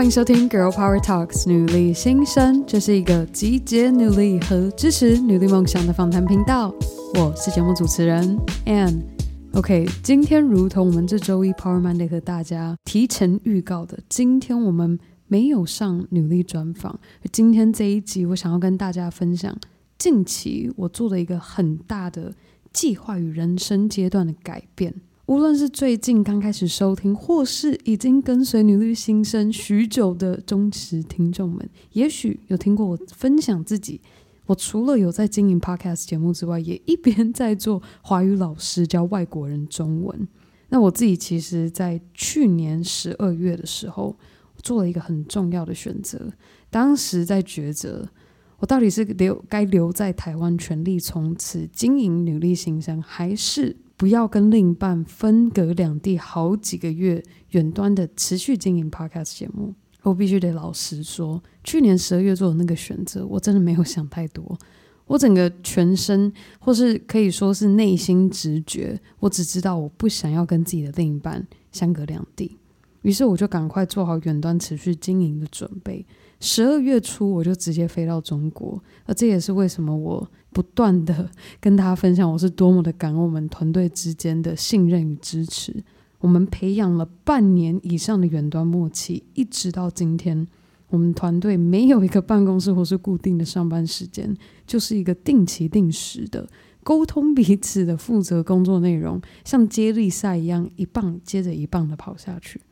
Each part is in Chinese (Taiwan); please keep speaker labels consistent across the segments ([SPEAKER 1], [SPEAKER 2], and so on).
[SPEAKER 1] 歡迎收聽《Girl Power Talks》女力心聲，這是一個集結女力和支持女力夢想的訪談頻道。我是節目主持人 Anne。OK，今天如同我們這周一 Power Monday 和大家提前預告的，今天我們沒有上女力專訪。而今天這一集，我想要跟大家分享近期我做了一個很大的計劃與人生階段的改變。無論是最近剛開始收聽，或是已經跟隨女力心聲許久的忠實聽眾們，也許有聽過我分享自己。我除了有在經營 podcast 節目之外，也一邊在做華語老師教外國人中文。那我自己其實，在去年十二月的時候，我做了一個很重要的選擇。當時在抉擇，我到底是留該留在台灣全力從此經營女力心聲，還是？不要跟另一半分隔兩地好幾個月，遠端的持續經營 Podcast 節目。我必須得老實說，去年十二月做的那個選擇，我真的沒有想太多。我整個全身，或是可以說是內心直覺，我只知道我不想要跟自己的另一半相隔兩地，於是我就趕快做好遠端持續經營的準備。十二月初我就直接飛到中國，而這也是為什麼我不斷的跟大家分享，我是多麼的感恩我們團隊之間的信任與支持。我們培養了半年以上的遠端默契，一直到今天，我們團隊沒有一個辦公室或是固定的上班時間，就是一個定期定時的溝通彼此的負責工作內容，像接力賽一樣，一棒接着一棒的跑下去。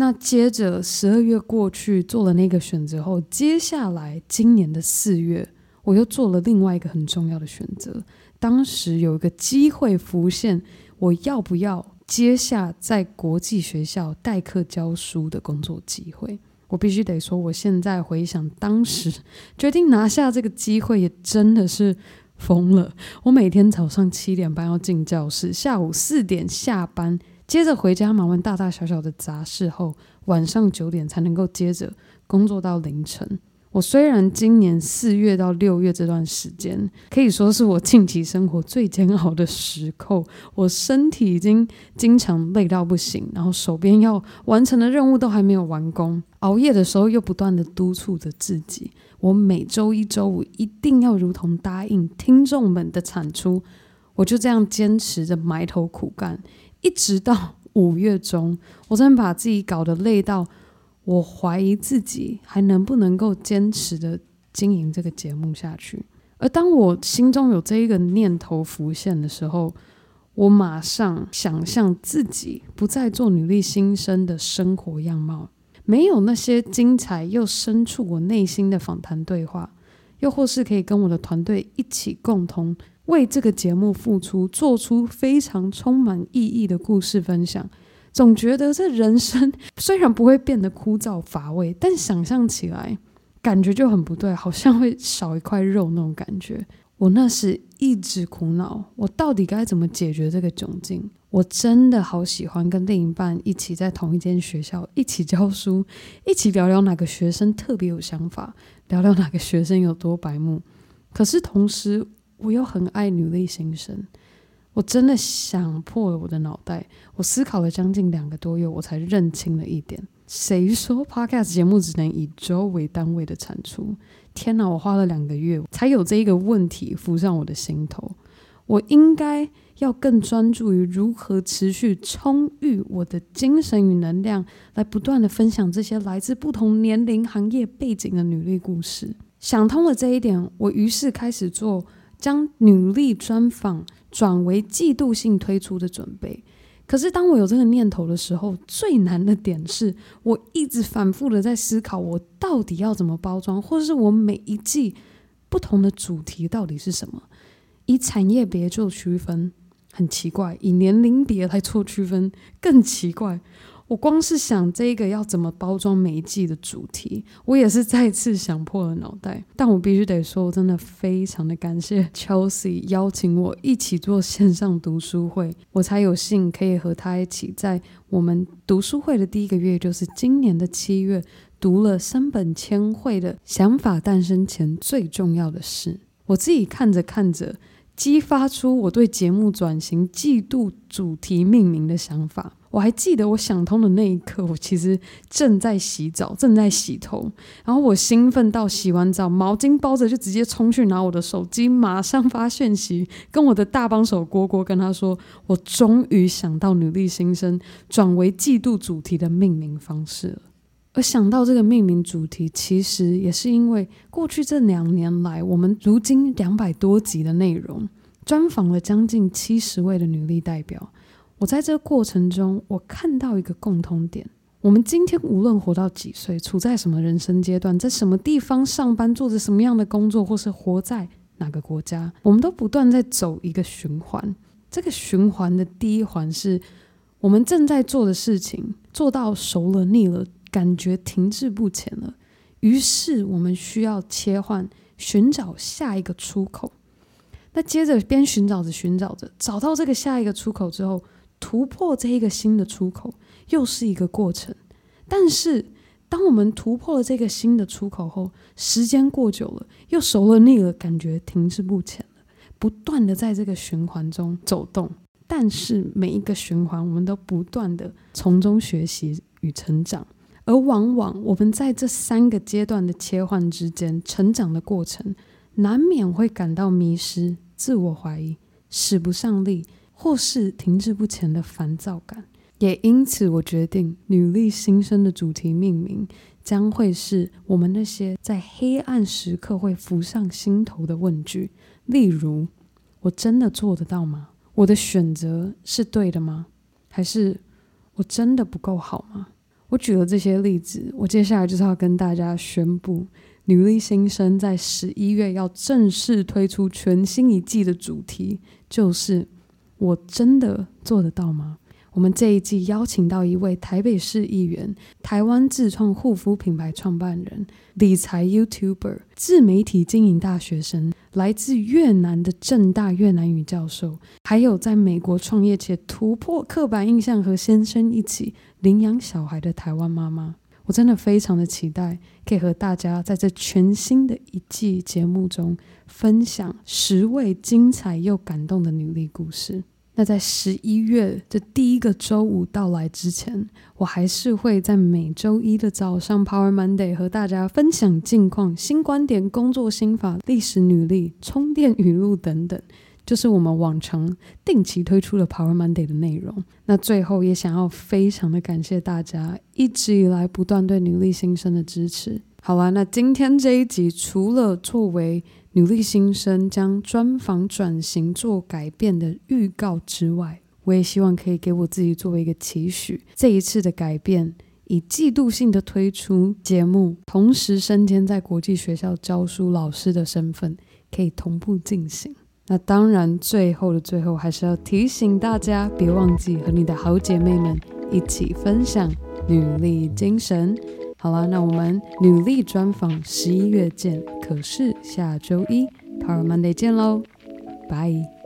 [SPEAKER 1] 那接着十二月過去，做了那個選擇後，接下來今年的四月，我又做了另外一個很重要的選擇。當時有一個機會浮現，我要不要接下在國際學校代課教書的工作機會？我必須得說，我現在回想當時決定拿下這個機會，也真的是瘋了。我每天早上七點半要進教室，下午四點下班。接着回家，忙完大大小小的雜事後，晚上九點才能夠接着工作到凌晨。我雖然今年四月到六月這段時間，可以說是我近期生活最煎熬的時刻。我身體已經經常累到不行，然後手邊要完成的任務都還沒有完工。熬夜的時候又不斷地督促着自己，我每周一周五一定要如同答應聽眾們的產出，我就這樣堅持着埋頭苦幹。一直到五月中，我真的把自己搞得累到，我懷疑自己還能不能夠堅持的經營這個節目下去。而當我心中有這一個念頭浮現的時候，我馬上想象自己不再做女力心聲的生活樣貌，沒有那些精彩又深處我內心的訪談對話，又或是可以跟我的團隊一起共同。為這個節目付出，做出非常充滿意義的故事分享，總覺得這人生雖然不會變得枯燥乏味，但想象起來感覺就很不對，好像會少一塊肉那種感覺。我那時一直苦惱，我到底該怎麼解決這個窘境？我真的好喜歡跟另一半一起在同一間學校，一起教書，一起聊聊哪個學生特別有想法，聊聊哪個學生有多白目。可是同時，我又很愛女力心聲，我真的想破了我的腦袋，我思考了將近兩個多月，我才認清了一點：誰說 Podcast 節目只能以周為單位的產出？天吶，我花了兩個月才有這一個問題浮上我的心頭。我應該要更專注於如何持續充裕我的精神與能量，來不斷地分享這些來自不同年齡、行業背景的女力故事。想通了這一點，我於是開始做。將女力專訪轉為季度性推出的準備。可是，當我有這個念頭的時候，最難的點是我一直反覆的在思考，我到底要怎麼包裝，或者是我每一季不同的主題到底是什麼？以產業別做區分很奇怪，以年齡別來做區分更奇怪。我光是想這個要怎麼包裝每一季的主題，我也是再次想破了腦袋。但我必須得說，我真的非常的感謝 Chelsea 邀請我一起做線上讀書會，我才有幸可以和他一起在我們讀書會的第一個月，就是今年的七月，讀了森本千繪的《想法誕生前最重要的事》。我自己看着看着，激發出我對節目轉型季度主題命名的想法。我還記得，我想通的那一刻，我其實正在洗澡，正在洗頭，然後我興奮到洗完澡，毛巾包着就直接衝去拿我的手機，馬上發訊息跟我的大幫手郭郭，跟他說，我終於想到女力心聲轉為季度主題的命名方式了。而想到這個命名主題，其實也是因為過去這兩年來，我們如今兩百多集的內容，專訪了將近七十位的女力代表。我在這個過程中，我看到一個共通點：我們今天無論活到幾歲，處在什麼人生階段，在什麼地方上班，做着什麼樣的工作，或是活在哪個國家，我們都不斷在走一個循環。這個循環的第一環是，我們正在做的事情做到熟了、膩了，感覺停滯不前了，於是我們需要切換，尋找下一個出口。那接着邊尋找着、尋找着，找到這個下一個出口之後。突破這一個新的出口，又是一個過程。但是，當我們突破了這個新的出口後，時間過久了，又熟了、膩了，感覺停滯不前了。不斷地在這個循環中走動，但是每一個循環，我們都不斷地從中學習與成長。而往往我們在這三個階段的切換之間，成長的過程，難免會感到迷失、自我懷疑、使不上力。或是停滯不前的煩躁感，也因此我決定，《女力新生》的主題命名將會是我們那些在黑暗時刻會浮上心頭的問句，例如：“我真的做得到嗎？”“我的選擇是對的嗎？”“還是我真的不夠好嗎？”我舉了這些例子，我接下來就是要跟大家宣布，《女力新生》在十一月要正式推出全新一季的主題，就是。我真的做得到嗎？我們這一季邀請到一位台北市議員、台灣自創護膚品牌創辦人、理財 YouTuber、自媒體經營大學生、來自越南的政大越南語教授，還有在美國創業且突破刻板印象和先生一起領養小孩的台灣媽媽。我真的非常的期待，可以和大家在這全新的一季節目中分享十位精彩又感動的女力故事。那在十一月這第一個周五到來之前，我還是會在每周一的早上 Power Monday 和大家分享近況、新觀點、工作心法、歷史女力、充電語錄等等。就是我們往常定期推出的 Power Monday 的內容。那最後也想要非常的感謝大家一直以來不斷對女力心聲的支持。好啦，那今天這一集除了作為女力心聲將專訪轉型做改變的預告之外，我也希望可以給我自己作為一個期許，這一次的改變以季度性的推出節目，同時身兼在國際學校教書老師的身份，可以同步進行。那當然，最後的最後，還是要提醒大家，別忘記和你的好姐妹們一起分享女力精神。好啦，那我們女力專訪十一月見，可是下周一 Power Monday 見嘍，拜。